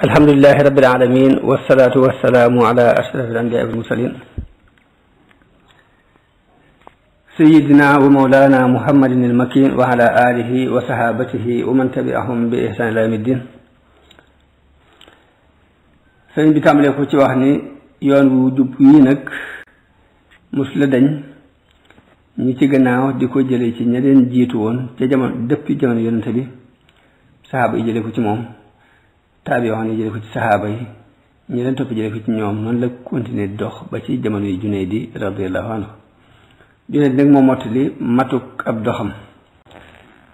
الحمد لله رب العالمين والصلاة والسلام على أشرف الأنبياء والمرسلين سيدنا ومولانا محمد المكين وعلى آله وصحابته ومن تبعهم بإحسان إلى يوم الدين sëriñ bi tàmbalee ko ci wax ni yoon wu jub wii nag mus la dañ ñi ci gannaaw di ko jële ci ña leen jiitu woon ca jamono dëppi jamono yonente tabi saxaaba yi jële ko ci moom taabi wax ne jële ko ci sahaaba yi ñi leen topp jële ko ci ñoom noonu la continuer dox ba ci jamono yi junay di radiallahu anhu junay di nag moo mottali matuk ab doxam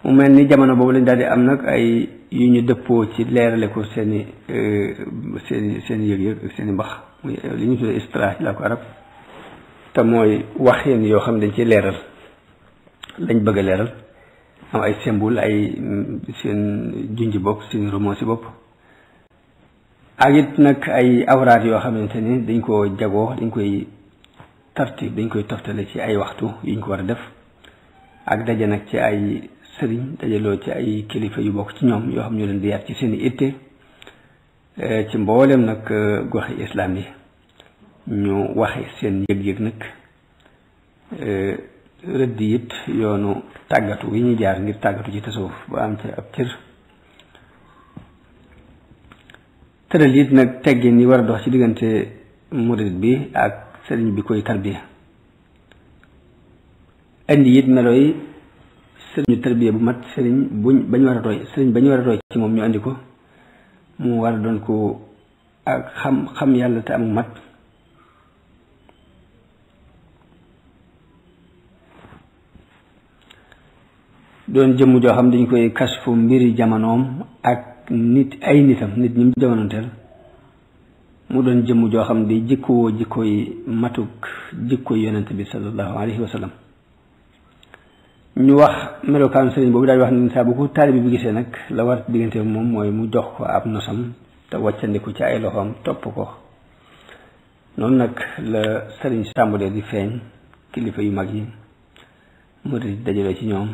mu mel ni jamono boobu lañ daal di am nag ay yu ñu dëppoo ci leerale ko seeni seeni seeni yëg-yëg ak seeni mbax li ñu tuddee istra ci la ko arab te mooy waxin yoo xam dañ ci leeral lañ bëgg a leeral am ay symbole ay seen junj bopp seen roman si bopp ak it nag ay awraat yoo xamante ni dañ ko jagoo dañ koy tartib dañ koy toftale ci ay waxtu yuñ ko war a def ak daje nag ci ay sëriñ dajaloo ci ay kilifa yu bokk ci ñoom yoo xam ñu leen di yar ci seen i eh, ci mbooleem nag eh, goxi islam yi ñu waxe seen yëg-yëg nag eh, rëdd it yoonu tàggatu yi ñu jaar ngir tàggatu ci tasawuf ba am ci ab cër tëral it nag teggin ni war a dox ci diggante murid bi ak sëriñ bi koy tarbiya indi it melo yi sëriñu tarbiya bu mat sëriñ buñ bañ war a roy sëriñ bañ war a roy ci moom ñu andi ko mu war a doon ko ak xam xam yàlla te am mat doon jëmm joo xam dañ koy kasfu mbiri jamonoom ak nit ay nitam nit ñi mu jamonoonteel mu doon jëmm joo xam di jikkowoo jikko yi matuk jikko yi bi sallallahu alayhi wa ñu wax melokaan sëriñ boobu daal di wax ne saa bu ko taalibe bi gisee nag la war diggante moom mooy mu jox ko ab nosam te wàccandiku ci ay loxoom topp ko noonu nag la sëriñ sàmbale di feeñ kilifa yu mag yi murid dajale ci ñoom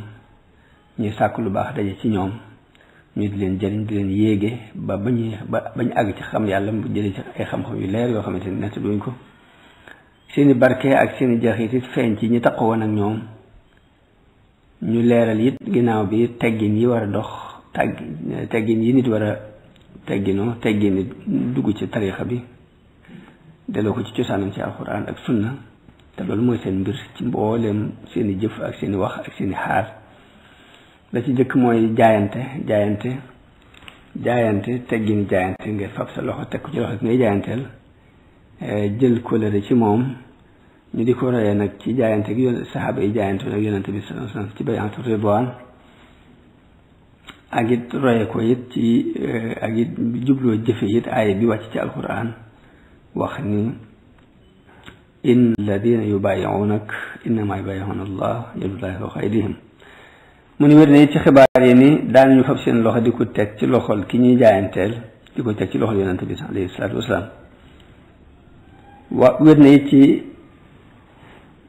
ñu sàkk lu baax daje ci ñoom ñu di leen jëriñ di leen yéege ba bañ ba bañ àgg ci xam yàlla mu jëlee ci ay xam-xam yu leer yoo xamante ne nett duñ ko seeni barke ak seeni jaxit it feeñ ci ñi taqo woon ak ñoom ñu leeral it ginnaaw bi teggin yi war a dox tàgg teggin yi nit war a tegginoo teggin dugg ci tarixa bi delloo ko ci cosaanam ci alquran ak sunna te loolu mooy seen mbir ci mbooleem seeni jëf ak seeni wax ak seeni xaar la ci jëkk mooy jaayante jaayante jaayante teggin jaayante nga fab sa loxo tekku ci loxo ki ngay jaayanteel jël kóllëre ci moom ñu di ko royee nag ci jaayante gi yoon saxaaba yi jaayante nag yonente bi sallallahu alayhi wasallam ci bayaatu ridwaan ak it roye ko it ci ak it jubloo jëfe it aaya bi wàcc ci alquran wax ni in alladina yubayiunak innama yubayiuna allah yadullahi wa xaydihim mu ni wér na ci xibaar yi ni daal ñu fab seen loxo di ko teg ci loxol ki ñuy jaayanteel di ko teg ci loxol yonent bi alayhi salaatu wasalaam wa wér na ci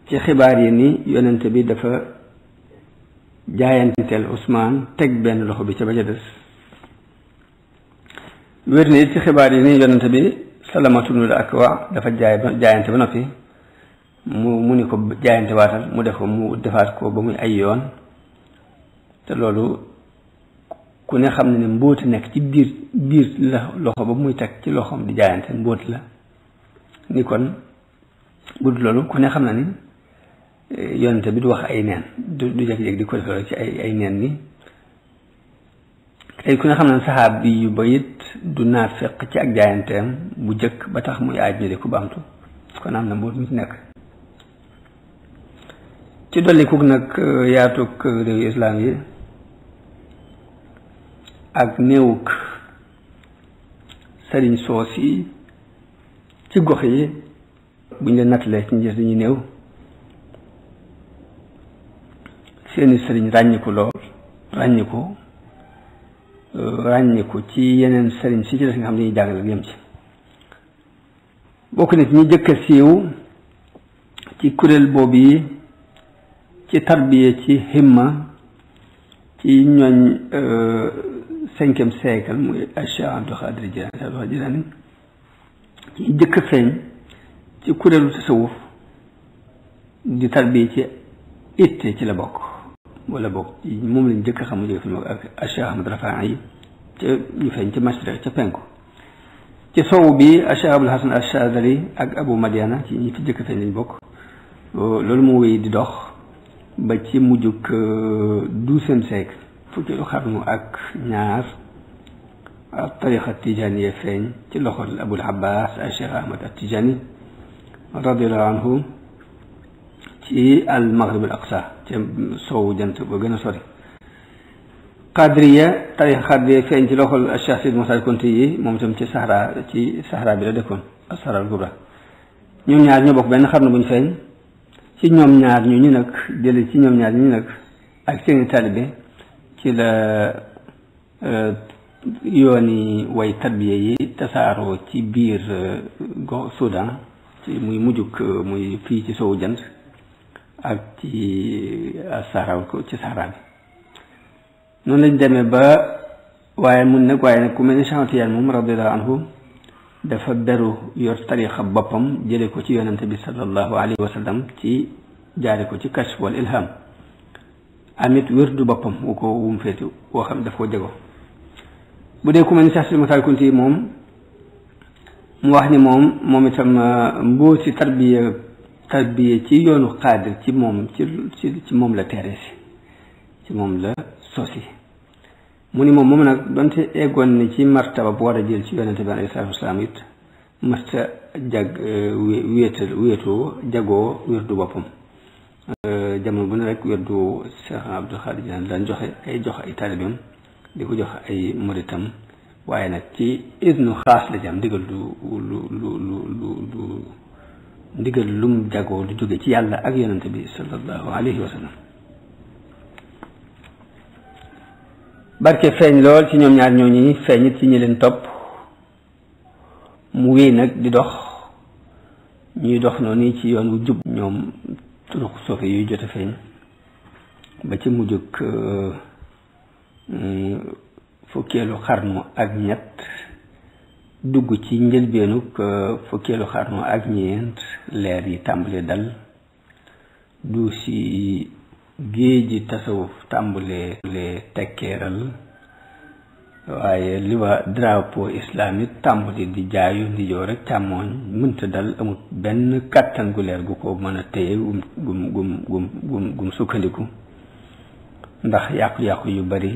ci xibaar yi ni yonent bi dafa jaayanteel Ousmane teg benn loxo bi ca ba ca des wér na ci xibaar yi ni yonent bi salamatunu la akwa dafa jaay jaayante ba noppi mu mu ni ko jaayante waatal mu def ko mu defaat ko ba muy ay yoon te loolu ku ne xam na ni mbóoti nekk ci biir biir la loxo ba muy teg ci loxoom di jaayante mbóot la ni kon but loolu ku ne xam na ni e, yonente bi du wax ay neen du du jékki-jékki di ko defee ci ay ay neen ni ku ne xam ne saxaab bi yu ba it du naafeq ci ak jaayanteem bu jëkk ba tax muy aaj jële ku bamtu kon am na mboot mu nekk ci dolli nag e, yaatuk e, réewu islaam yi ak néewug sëriñ soos yi ci gox yi buñ leen nattalee ci njës dañuy néew seeni sëriñ ràññiku lool ràññiku ràññiku ci yeneen sëriñ si ci des nga xam dañuy jàngale ak ci bokk na ci ñu jëkk a siiw ci kuréel boobu yi ci tarbiya ci himma ci ñooñ euh, cinquième siècle muy Cheikh Abdou Khadir Jilaani Abdou Khadir Jilaani ci jëkk feeñ ci kuréelu tasawuf di tarbiya ci itte ci la bokk wala bokk ci moom lañ jëkk xam mu jóge fi mu ak Cheikh Ahmad Rafaa yi ca ñu feeñ ci mashriq ca penku ci sow bi Cheikh Abul Hasan Achadali ak Abu Madiana ci ñi fi jëkk feeñ lañ bokk loolu moo wéy di dox ba ci mujjug douzième siècle pour que l'on ak ñaar الطريقة التيجانية فين تلوخر أبو العباس الشيخ أحمد التيجاني رضي الله عنه في المغرب الأقصى سو جنت بغن سوري قادرية طريقة قادرية فين تلوخر الشيخ سيد موسى الكنتي ممتم في سهرة في سهرة بلدكم السهرة الكبرى نيوم نيار نيو بك بين خرن بن فين في نيوم نيار نيو نيو نك ديلي في نيوم نيار نيو نك أكتين طالبين سيدا يوني واي تربيه تسارو تي بير غو سودان تي موي موجوك موي في تي سو جانت اك تي اسارو كو تي ساران نون لاني ديمي با واي مون نك واي نك كومي شانتي يال موم رضي الله عنه دا فا درو يور تاريخ بوبام جيلي كو تي يونس بي صلى الله عليه وسلم تي جاري كو تي كشف والالهام amit wérdu boppam wu ko wu mu féeti woo xam daf ko jegoo bu dee ku mel ni Cheikh Sidi Mokhtar Kounti moom mu wax ni moom moom itam euh, mbóo si tarbiya tarbiya ci yoonu xaadir ci moom ci ci moom la teere si ci moom la sosi mu ni moom moom nag donte eggoon ni ci martaba bu war a jël ci yonente bi alayhi salaatu wasalaam it masta jag euh, wéetal wéetoo jagoo wér boppam jamono bu ne rek weddu Cheikh Abdou Khadre Jilani daan joxe ay jox ay taalibam di ko jox ay muritam waaye nag ci isnu xaas la ci am ndigal lu lu lu lu lu ndigal lum jagoo lu jóge ci yàlla ak yonante bi sallallahu alayhi wa sallam barke feeñ lool ci ñoom ñaar ñooñu feeñit ci ñi leen topp mu wéy nag di dox ñuy dox noonu ci yoon wu jub ñoom turuq soofe yuy jote feeñ ba ci mujjug euh, mm, fukkeelu xarnu ak ñett dugg ci njëlbeenug euh, fukkeelu xarnu ak ñeent leer yi tàmbalee dal du si géej tasawuf tàmbale le tekkeeral waaye li wa drapeau islamique tàmbali di jaayu ndijoor ak càmmooñ mënta dal amut benn kàttan gu leer gu ko mën a téye gum gum gum gum gum sukkandiku ndax yàqu-yàqu yu bari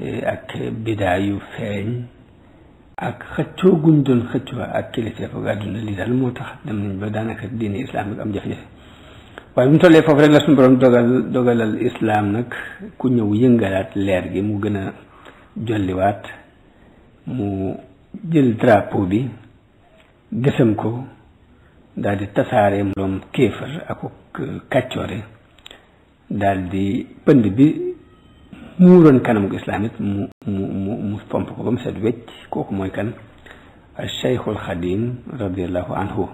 e, ak bidaa feeñ ak xëccoo guñ doon xëccoo ak kilifeef ak àdduna li daal moo tax dem nañ ba daanaka diine islamique am jafe-jafe waaye mu tollee foofu rek la suñu borom dogal dogalal islam nag ku ñëw yëngalaat leer gi mu gën a jolliwaat mu jël drapeau bi gësam ko daldi di tasaare mbooloom kéefar ak kàccoore daal di pënd bi muuroon kanam gu islaam it mu mu mu mu pomp ko ba mu set wecc kooku mooy kan Cheikhul Xadim radiallahu anhu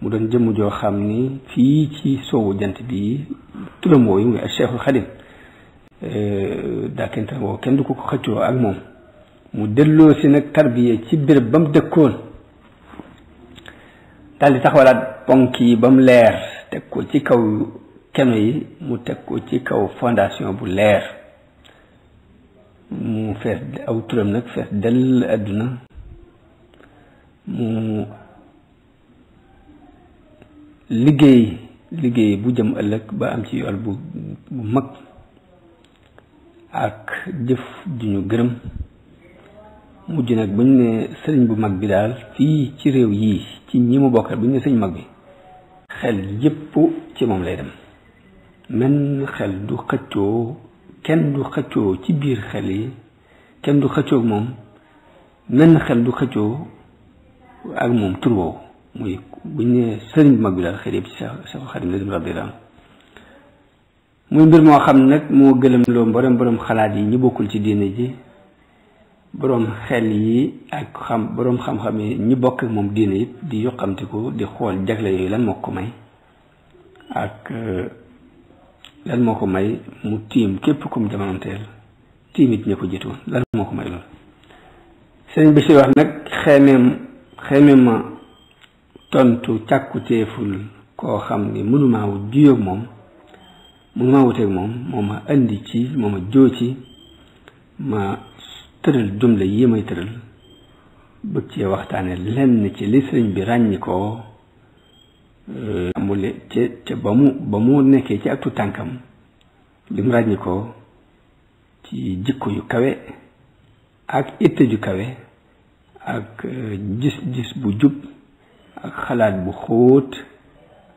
mu doon jëmm joo xam ni fii ci soowu jant bi turam wooyu muy Cheikhul Xadim dàkkantal oo kenn du ko ko xëccoo ak moom mu delloo si nag tarbiye ci béréb ba mu dëkkoon daal di taxawalaat ponk yi ba mu leer teg ko ci kaw keno yi mu teg ko ci kaw fondation bu leer mu fees aw turam nag fees dell àdduna mu liggéey liggéey bu jëm ëllëg ba am ci yool bu bu mag ak jëf ju ñu gërëm mujj nag buñ ne sëriñ bu mag bi daal fii ci réew yii ci ñi mu bokkal buñ ne sëriñ mag bi xel yépp ci moom lay dem menn xel du xëccoo kenn du xëccoo ci biir xel yi kenn du xëccoo moom menn xel du xëccoo ak moom tur woowu muy buñ ne sëriñ bu mag bi daal xel yépp ci Seexul Xaadim la dem rabbi muy mbir moo xam nag moo gëlëm loo boroom boroom xalaat yi ñu bokkul ci diine ji boroom xel yi ak xam boroom xam-xam yi ñu bokk moom diine it di yoqamtiku di xool jagle yooyu lan moo ko may ak euh, lan moo ko may mu tiim képp kum jamonoonteel tiim it ña ko jiitu lan moo ko may loolu sëriñ bi si wax nag xemeem xemeem ma tontu càkkuteeful koo xam ni mënumaa wu juyóog moom mu ma wuteeg moom moo ma andi ci moo ma joo ci ma tëral jumla yi may tëral bëgg waxtaane lenn ci li sëriñ bi ràññikoo ambule euh, ca ca ba ci ak tànkam li mu ci jikko yu kawe ak itte ju kawe ak euh, gis-gis bu jub ak xalaat bu xóot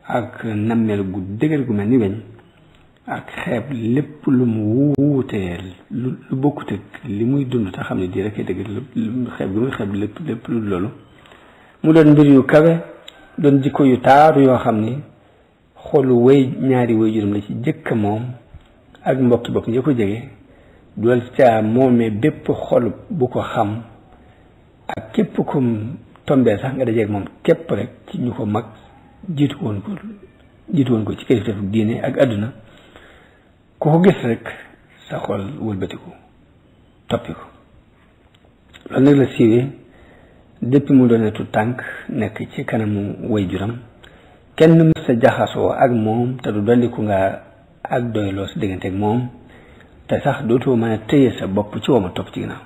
ak nammeel gu dëgër gu mel ni weñ ak xeeb lépp lu mu wuutee lu lu li muy dund te xam ne di rek dëgg xeeb gi muy xeeb lépp lépp lu loolu mu doon mbir yu kawe doon jikko yu taaru yoo xam ni xoolu wéy ñaari wéy juróom la ci jëkka moom ak mbokki bopp ñi ko jege dool ca bu ko xam ak képp sax nga dajeeg moom képp rek ci ñu ko mag jiitu woon ko jiitu woon ko ci kilifteefu diine ak àdduna ku ko gis rek sa xol wëlbatiku toppi ko loolu la siiwee depuis mu doone tu tànk nekk ci kanamu way juram kenn mës sa jaxasoo ak moom te du dolliku nga ak doyloo si diggante ak moom te sax dootoo mën a sa bopp ci wama topp ci ginnaaw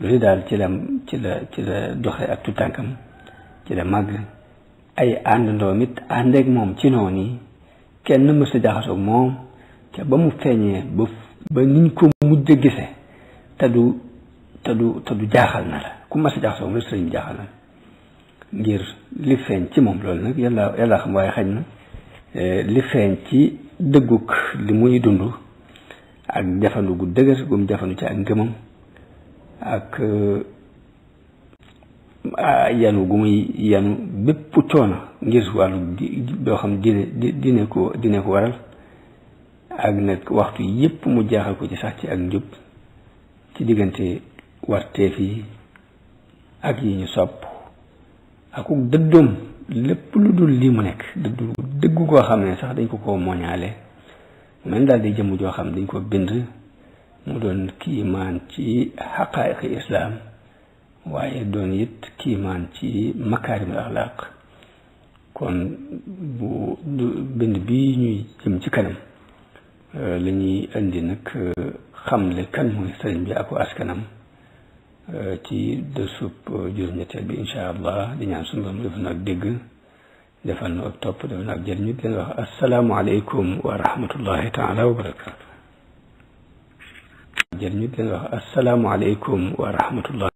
loolu daal ci la ci la ci la doxe ak tu tànkam ci la mag ay àndandoo mit ànd moom ci noonu kenn mës sa jaxasoo moom ba mu feeñee ba ba ko mujj a te du te du te du jaaxal na la ku mas jaaxal na la ngir li feeñ ci moom loolu nag yàlla yàlla xam waaye xañ na eh, li feeñ ci dëgguk li muy dund ak jafandu gu dëgër gu mu jafandu ci ak ngëmam ak eh, yanu gu muy yanu bépp coono ngir wàllu di doo xam dine dine ko dine ko waral ak nag waxtu yépp mu jeexal ko ci sax ci ak njub ci diggante warteef yi ak yi ñu sopp aku dëddoom lépp lu dul lii mu nekk dëddu dëggu koo xam ne sax dañ ko koo moñaale mel daal di jëmm joo xam dañ ko bind mu doon kiimaan ci xaqaaiqi islaam waaye doon it kiimaan ci makaarimul axlaaq kon bu bind bi ñuy jëm ci kanam Euh, li ñuy indi nag euh, xamle kan mooy sëriñ bi ak askanam euh, ci dësub juróom-ñetteel bi incha allah di ñaan suñu borom defal na ak dégg defal na ak topp defal na di leen wax asalaamualeykum wa rahmatullahi taala wa barakaatu jëriñu di wa rahmatullah